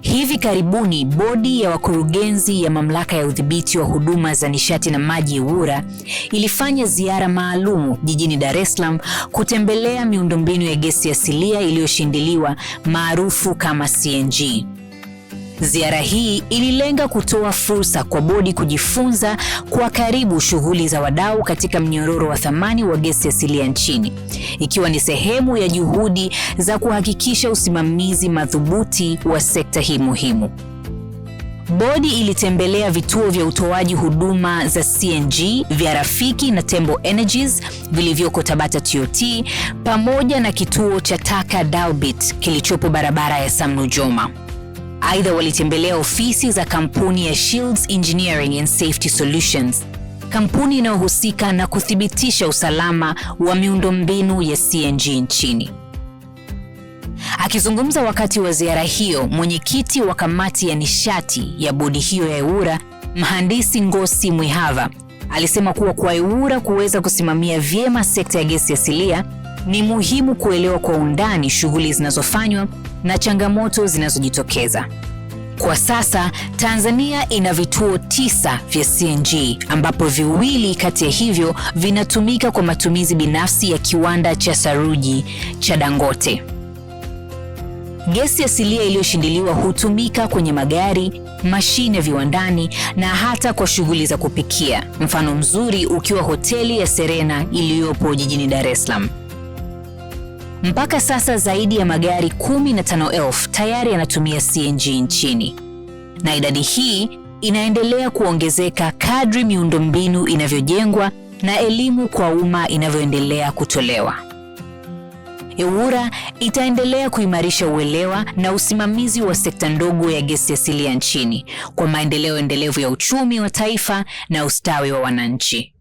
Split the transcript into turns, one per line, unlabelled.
Hivi karibuni bodi ya wakurugenzi ya mamlaka ya udhibiti wa huduma za nishati na maji EWURA ilifanya ziara maalum jijini Dar es Salaam kutembelea miundombinu ya gesi asilia iliyoshindiliwa maarufu kama CNG. Ziara hii ililenga kutoa fursa kwa bodi kujifunza kwa karibu shughuli za wadau katika mnyororo wa thamani wa gesi asilia nchini, ikiwa ni sehemu ya juhudi za kuhakikisha usimamizi madhubuti wa sekta hii muhimu. Bodi ilitembelea vituo vya utoaji huduma za CNG vya Rafiki na Tembo Energies vilivyoko Tabata TOT pamoja na kituo cha taka Dalbit kilichopo barabara ya Sam Nujoma. Aidha, walitembelea ofisi za kampuni ya Shields Engineering and Safety Solutions, kampuni inayohusika na kuthibitisha usalama wa miundombinu ya CNG nchini. Akizungumza wakati wa ziara hiyo, mwenyekiti wa kamati ya nishati ya bodi hiyo ya EWURA, Mhandisi Ngosi Mwihava, alisema kuwa kwa EWURA kuweza kusimamia vyema sekta ya gesi asilia ni muhimu kuelewa kwa undani shughuli zinazofanywa na changamoto zinazojitokeza. Kwa sasa Tanzania ina vituo tisa vya CNG ambapo viwili kati ya hivyo vinatumika kwa matumizi binafsi ya kiwanda cha saruji cha Dangote. Gesi asilia iliyoshindiliwa hutumika kwenye magari, mashine viwandani na hata kwa shughuli za kupikia, mfano mzuri ukiwa hoteli ya Serena iliyopo jijini Dar es Salaam. Mpaka sasa zaidi ya magari 15,000 tayari yanatumia CNG nchini na idadi hii inaendelea kuongezeka kadri miundombinu inavyojengwa na elimu kwa umma inavyoendelea kutolewa. EWURA itaendelea kuimarisha uelewa na usimamizi wa sekta ndogo ya gesi asilia nchini kwa maendeleo endelevu ya uchumi wa taifa na ustawi wa wananchi.